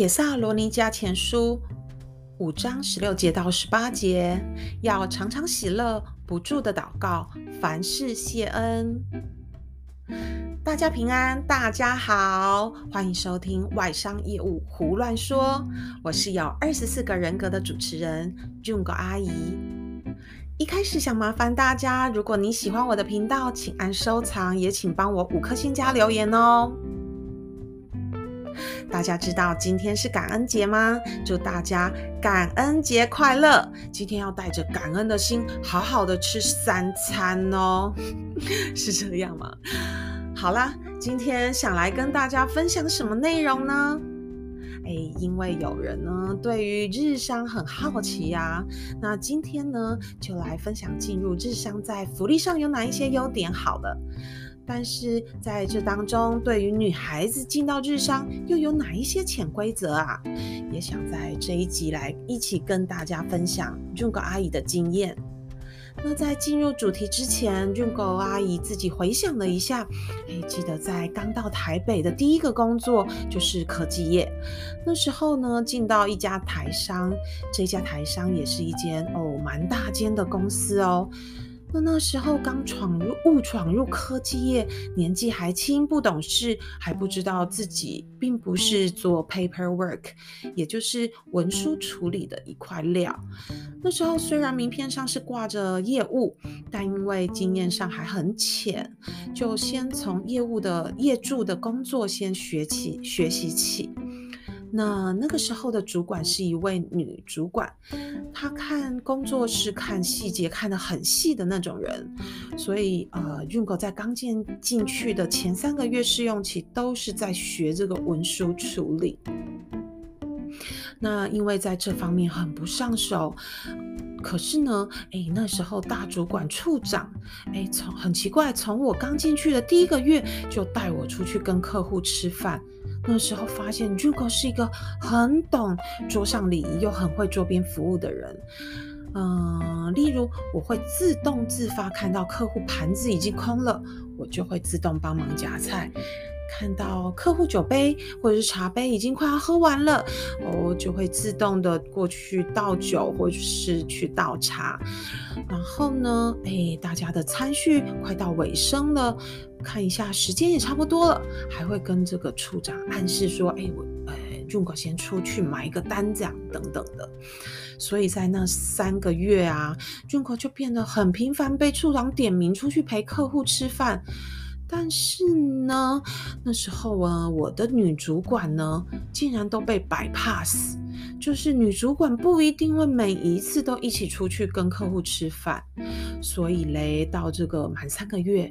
《帖撒羅尼迦前書》五章十六節到十八節，要常常喜樂，不住的禱告，凡事謝恩。大家平安，大家好，歡迎收聽外商業務胡亂說。我是有二十四個人格的主持人 Junko 阿姨。一開始想麻煩大家，如果你喜歡我的頻道，請按收藏，也請幫我五顆星加留言哦。大家知道今天是感恩節嗎？祝大家感恩節快樂！今天要帶着感恩的心，好好的吃三餐哦，是這樣嗎？好啦，今天想來跟大家分享什麼內容呢？誒，因為有人呢對於日商很好奇呀、啊，那今天呢就來分享進入日商在福利上有哪一些優點。好的，好了。但是在這當中，對於女孩子進到日商又有哪一些潛規則啊？也想在這一集來一起跟大家分享 Junko 阿姨的經驗。那在進入主題之前，Junko 阿姨自己回想了一下，哎，記得在剛到台北的第一個工作就是科技業，那時候呢進到一家台商，這家台商也是一間哦蠻大間的公司哦。那那時候剛闖入，誤闖入科技業，年紀還輕，不懂事，還不知道自己並不是做 paperwork，也就是文書處理的一塊料。那時候雖然名片上是掛着業務，但因為經驗上還很淺，就先從業務的業助的工作先學起，學習起。那那個時候的主管是一位女主管，她看工作室，看細節看得很細的那種人，所以呃，Junko 在剛進進去的前三個月試用期都是在學這個文書處理。那因為在這方面很不上手，可是呢，哎，那時候大主管處長，哎，從很奇怪，從我剛進去的第一個月就帶我出去跟客戶吃飯。那時候發現，如果是一個很懂桌上禮儀又很會桌邊服務的人。嗯，例如，我會自動自發看到客戶盤子已經空了，我就會自動幫忙夾菜。看到客戶酒杯或者是茶杯已經快要喝完了，哦，就會自動的過去倒酒或者是去倒茶。然後呢，誒、哎，大家的餐敘快到尾聲了，看一下時間也差不多了，還會跟這個處長暗示說，誒、哎，我，誒、哎，Junko 先出去買一個單子啊，等等的。所以在那三個月啊，Junko 就變得很頻繁被處長點名出去陪客戶吃飯。但是呢，那時候啊，我的女主管呢，竟然都被 bypass，就是女主管不一定會每一次都一起出去跟客戶吃飯，所以嘞，到這個滿三個月。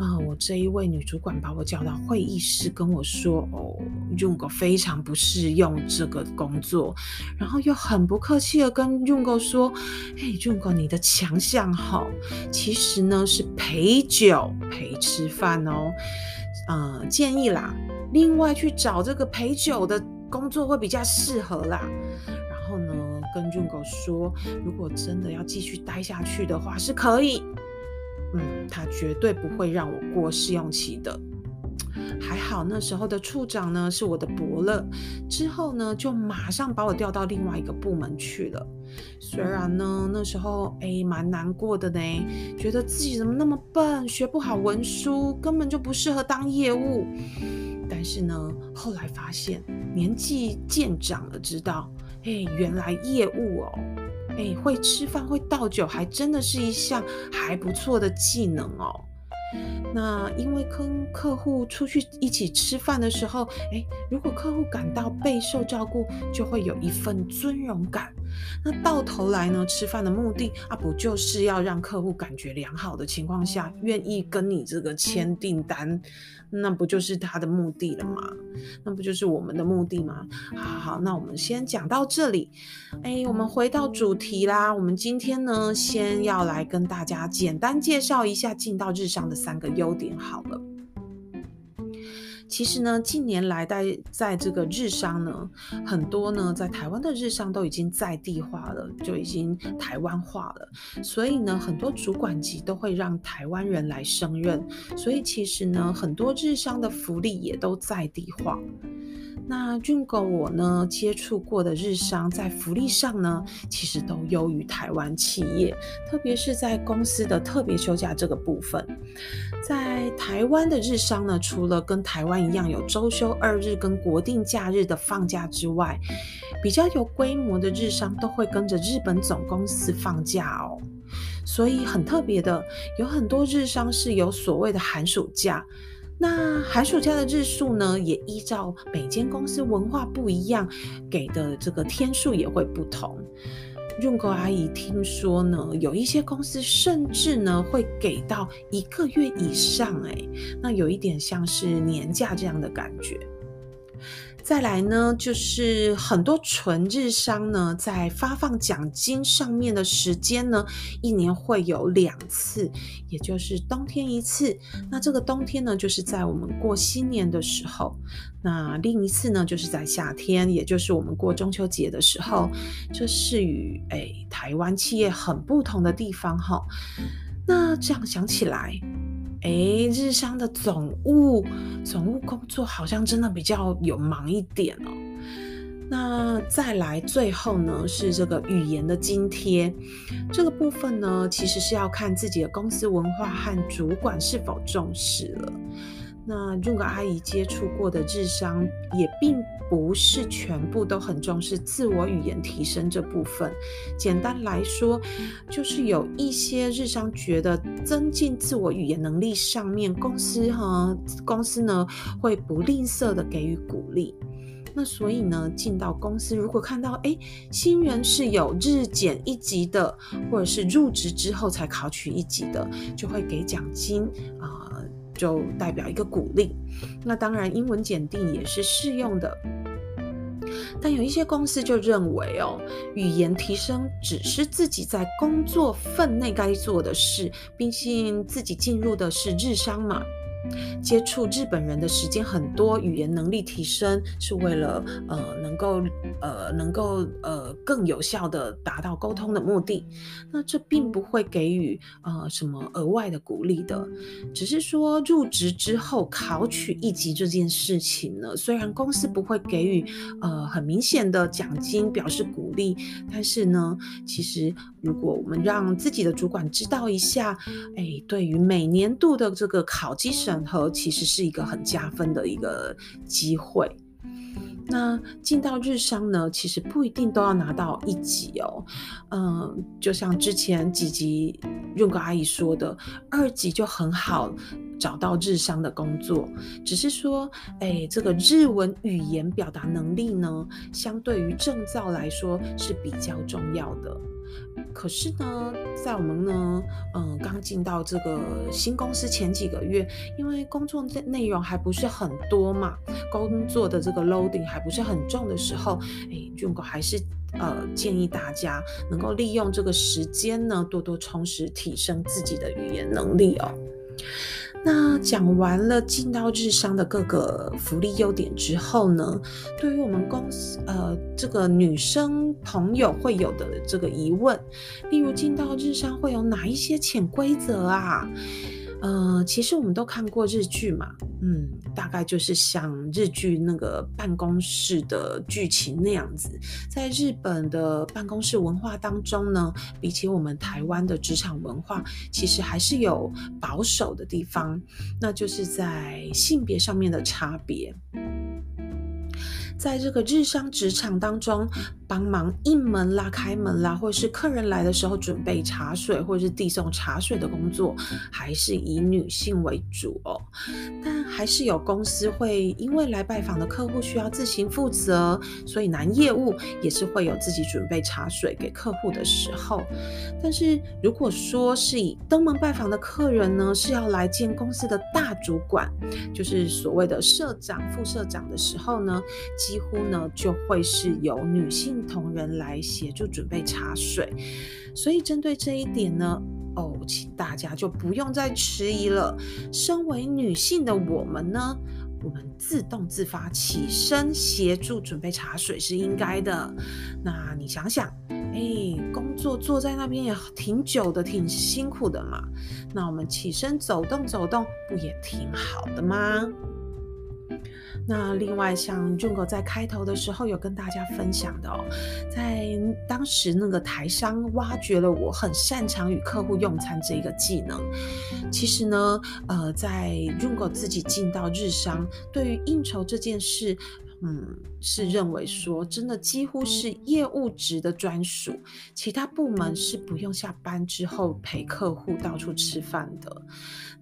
啊，我這一位女主管把我叫到會議室，跟我說：“哦，Junko 非常不適用這個工作，然後又很不客氣的跟 Junko 說，嘿，Junko 你的強項好，其實呢是陪酒陪吃飯哦，呃建議啦，另外去找這個陪酒的工作會比較適合啦。然後呢跟 Junko 說，如果真的要繼續待下去的話是可以。”嗯，他絕對不會讓我過試用期的。還好那時候的處長呢是我的伯樂，之後呢就馬上把我調到另外一個部門去了。雖然呢那時候誒，蠻、欸、難過的呢，覺得自己怎麼那麼笨，學不好文書，根本就不適合當業務。但是呢後來發現年紀漸長了，知道誒，原來業務哦。哎、欸，會吃飯會倒酒，還真的是一項還不錯的技能哦。那因為跟客戶出去一起吃飯的時候，哎、欸，如果客戶感到備受照顧，就會有一份尊榮感。那到頭來呢，吃飯的目的啊，不就是要讓客戶感覺良好的情況下，願意跟你這個簽訂單，那不就是他的目的了嗎？那不就是我們的目的嗎？好，好，那我們先講到這裡。哎，我們回到主題啦。我們今天呢，先要來跟大家簡單介紹一下進到日商的三個優點。好了。其實呢，近年來在、在這個日商呢，很多呢在台灣的日商都已經在地化了，就已經台灣化了。所以呢，很多主管級都會讓台灣人來升任。所以其實呢，很多日商的福利也都在地化。那 Junko，我呢接觸過的日商，在福利上呢，其實都優於台灣企業，特別是在公司的特別休假這個部分。在台灣的日商呢，除了跟台灣一樣有周休二日跟國定假日的放假之外，比較有規模的日商都會跟着日本總公司放假哦。所以很特別的，有很多日商是有所謂的寒暑假。那寒暑假的日數呢，也依照每間公司文化不一樣，給的這個天數也會不同。潤口阿姨聽說呢，有一些公司甚至呢會給到一個月以上、欸，誒，那有一點像是年假這樣的感覺。再來呢，就是很多純日商呢，在發放獎金上面的時間呢，一年會有兩次，也就是冬天一次。那這個冬天呢，就是在我們過新年的時候；那另一次呢，就是在夏天，也就是我們過中秋節的時候。這、就是與誒、哎、台灣企業很不同的地方哈。那這樣想起來。哎，日商的總務，總務工作好像真的比較有忙一點哦。那再來最後呢，是這個語言的津貼。這個部分呢，其實是要看自己的公司文化和主管是否重視了。那如果阿姨接觸過的日商，也並不是全部都很重視自我語言提升這部分。簡單來說，就是有一些日商覺得增進自我語言能力上面，公司和、嗯、公司呢會不吝嗇的給予鼓勵。那所以呢，進到公司如果看到哎，新人是有日檢一級的，或者是入職之後才考取一級的，就會給獎金啊。呃就代表一個鼓勵，那當然英文檢定也是適用的，但有一些公司就認為哦，語言提升只是自己在工作份內該做的事，畢竟自己進入的是日商嘛。接觸日本人的時間很多，語言能力提升是為了呃能夠呃能夠呃更有效地達到溝通的目的。那這並不會給予呃什麼額外的鼓勵的，只是說入職之後考取一級這件事情呢，雖然公司不會給予呃很明顯的獎金表示鼓勵，但是呢，其實如果我們讓自己的主管知道一下，哎，對於每年度的這個考級審核其實是一個很加分的一個機會。那進到日商呢，其實不一定都要拿到一級哦。嗯，就像之前幾集潤口阿姨說的，二級就很好找到日商的工作。只是說，哎，這個日文語言表達能力呢，相對於證照來說是比較重要的。可是呢，在我們呢，嗯、呃，剛進到這個新公司前幾個月，因為工作內容還不是很多嘛，工作的這個 loading 還不是很重的時候，哎，俊哥還是呃建議大家能夠利用這個時間呢，多多充實提升自己的語言能力哦。那講完了進到日商的各個福利優點之後呢，對於我們公司，呃，這個女生朋友會有的這個疑問，例如進到日商會有哪一些潛規則啊？呃，其實我們都看過日劇嘛，嗯，大概就是像日劇那個辦公室的劇情那樣子，在日本的辦公室文化當中呢，比起我們台灣的職場文化，其實還是有保守的地方，那就是在性別上面的差別。在這個日商職場當中，幫忙應門啦、拉開門啦，或者是客人來的時候準備茶水，或者是遞送茶水的工作，還是以女性為主哦。但還是有公司會因為來拜訪的客戶需要自行負責，所以男業務也是會有自己準備茶水給客戶的時候。但是如果說是以登門拜訪的客人呢，是要來見公司的大主管，就是所謂的社長、副社長的時候呢。幾乎呢，就會是由女性同仁來協助準備茶水，所以針對這一點呢，哦，請大家就不用再遲疑了。身為女性的我們呢，我們自動自發起身協助準備茶水是應該的。那你想想，哎、欸，工作坐在那邊也挺久的，挺辛苦的嘛，那我們起身走動走動，不也挺好的嗎？那另外，像 Junko 在開頭的時候有跟大家分享的哦，在當時那個台商挖掘了我很擅長與客戶用餐這個技能。其實呢，呃，在 Junko 自己進到日商，對於應酬這件事，嗯，是認為說真的幾乎是業務職的專屬，其他部門是不用下班之後陪客戶到處吃飯的。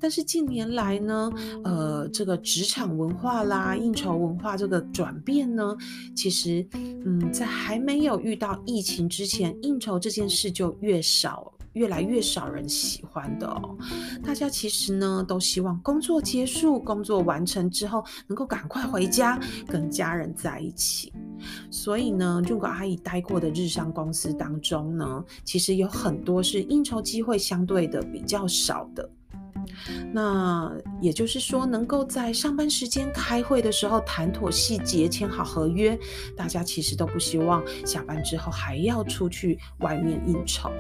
但是近年來呢，呃，這個職場文化啦、應酬文化這個轉變呢，其實，嗯，在還沒有遇到疫情之前，應酬這件事就越少，越來越少人喜歡的哦。大家其實呢，都希望工作結束、工作完成之後，能夠趕快回家跟家人在一起。所以呢，潤口阿姨待過的日商公司當中呢，其實有很多是應酬機會相對的比較少的。那也就是說，能夠在上班時間開會的時候談妥細節、簽好合約，大家其實都不希望下班之後還要出去外面應酬。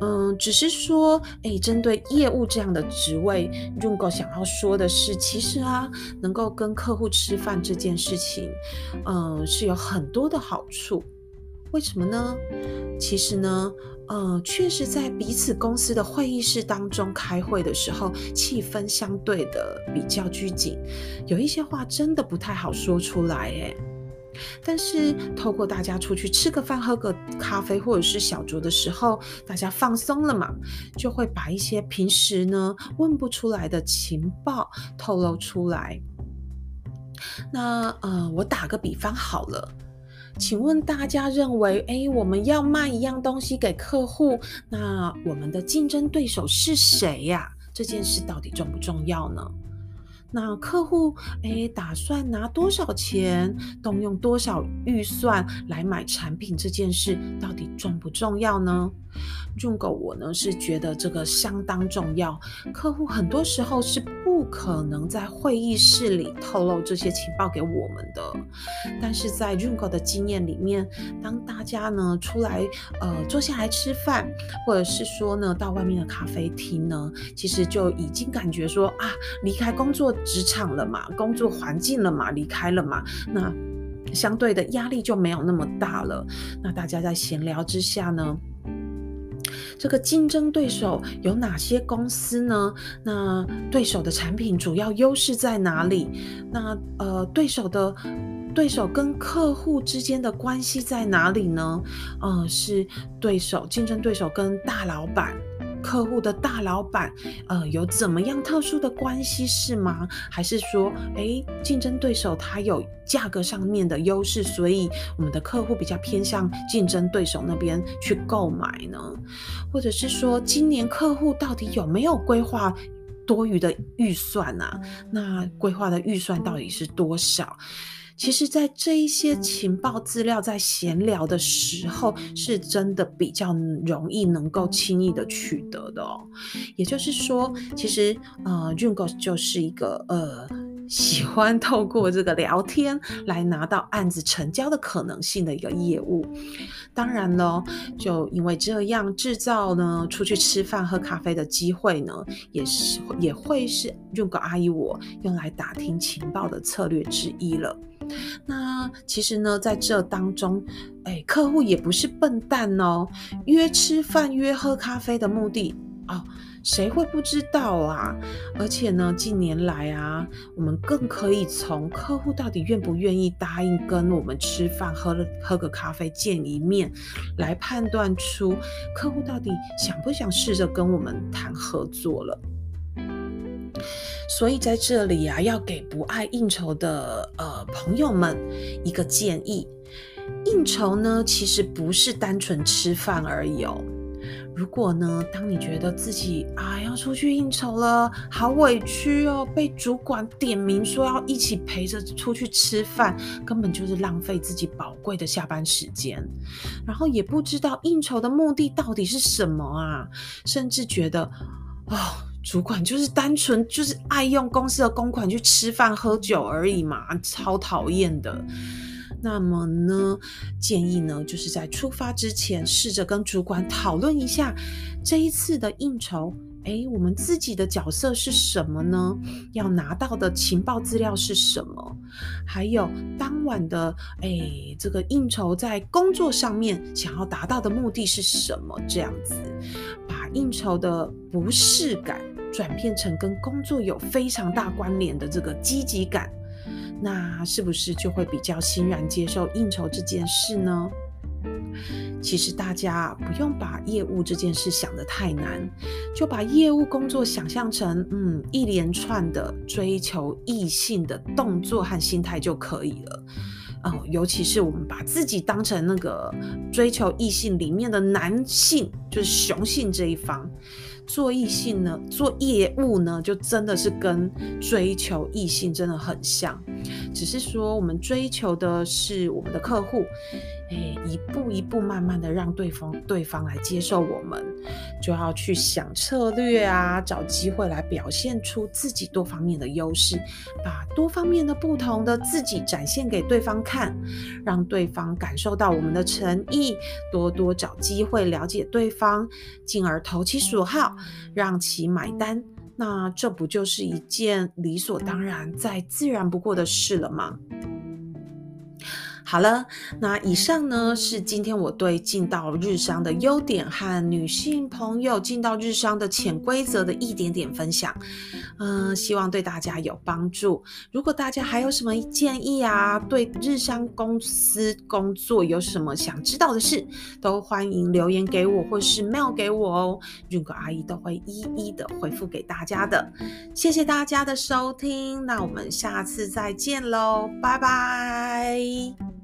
嗯，只是說，哎、欸，針對業務這樣的職位，Junko 想要說的是，其實啊，能夠跟客戶吃飯這件事情，嗯，是有很多的好處。為什麼呢？其實呢，呃，確實在彼此公司的會議室當中開會的時候，氣氛相對的比較拘謹，有一些話真的不太好說出來誒。但是透過大家出去吃個飯、喝個咖啡或者是小酌的時候，大家放鬆了嘛，就會把一些平時呢問不出來的情報透露出來。那呃，我打個比方好了。請問大家認為，哎，我們要賣一樣東西給客戶，那我們的競爭對手是誰呀？這件事到底重不重要呢？那客戶誒、欸，打算拿多少錢，動用多少預算來買產品這件事，到底重不重要呢？Junko，我呢是覺得這個相當重要。客戶很多時候是不可能在會議室裡透露這些情報給我們的，但是在 Junko 的經驗裡面，當大家呢出來，呃，坐下來吃飯，或者是說呢到外面的咖啡廳呢，其實就已經感覺說啊，離開工作。職場了嘛，工作環境了嘛，離開了嘛，那相對的壓力就沒有那麼大了。那大家在閒聊之下呢，這個競爭對手有哪些公司呢？那對手的產品主要優勢在哪裡？那呃，對手的對手跟客戶之間的關係在哪裡呢？呃，是對手，競爭對手跟大老板。客戶的大老板，呃，有怎麼樣特殊的關係是嗎？還是說，哎，競爭對手他有價格上面的優勢，所以我們的客戶比較偏向競爭對手那邊去購買呢？或者是說，今年客戶到底有沒有規劃多餘的預算呢？啊？那規劃的預算到底是多少？其實，在這一些情報資料，在閒聊的時候，是真的比較容易能夠輕易的取得的哦。也就是說，其實呃，Junko 就是一個呃，喜歡透過這個聊天來拿到案子成交的可能性的一個業務。當然咯，就因為這樣製造呢，出去吃飯喝咖啡的機會呢，也是也會是 Junko 阿姨我用來打聽情報的策略之一了。那其實呢，在這當中，誒，客戶也不是笨蛋哦。約吃飯、約喝咖啡的目的哦，誰會不知道啊？而且呢，近年來啊，我們更可以從客戶到底願不願意答應跟我們吃飯、喝了喝個咖啡見一面，來判斷出客戶到底想不想試着跟我們談合作了。所以在這裡啊，要給不愛應酬的呃朋友們一個建議：應酬呢，其實不是單純吃飯而已哦。如果呢，當你覺得自己啊要出去應酬了，好委屈哦，被主管點名說要一起陪着出去吃飯，根本就是浪費自己寶貴的下班時間，然後也不知道應酬的目的到底是什麼啊，甚至覺得哦……主管就是單純就是愛用公司的公款去吃飯喝酒而已嘛，超討厭的。那麼呢，建議呢就是在出發之前試着跟主管討論一下這一次的應酬，誒，我們自己的角色是什麼呢？要拿到的情報資料是什麼？還有當晚的，誒，這個應酬在工作上面想要達到的目的是什麼？這樣子。應酬的不適感轉變成跟工作有非常大關聯的這個積極感，那是不是就會比較欣然接受應酬這件事呢？其實大家不用把業務這件事想得太難，就把業務工作想象成嗯，一連串的追求異性的動作和心態就可以了。呃，尤其是我們把自己當成那個追求異性裡面的男性，就是雄性這一方，做異性呢，做業務呢，就真的是跟追求異性真的很像，只是說我們追求的是我們的客戶。誒，一步一步慢慢的讓對方對方來接受我們，就要去想策略啊，找機會來表現出自己多方面的優勢，把多方面的不同的自己展現給對方看，讓對方感受到我們的誠意，多多找機會了解對方，進而投其所好，讓其買單。那這不就是一件理所當然、再自然不過的事了嗎？好了，那以上呢，是今天我對進到日商的優點和女性朋友進到日商的潛規則的一點點分享，嗯、呃，希望對大家有幫助。如果大家還有什麼建議啊，對日商公司工作有什麼想知道的事，都歡迎留言給我或是 mail 給我哦，潤口阿姨都會一一的回覆給大家的。謝謝大家的收聽，那我們下次再見嘍，拜拜。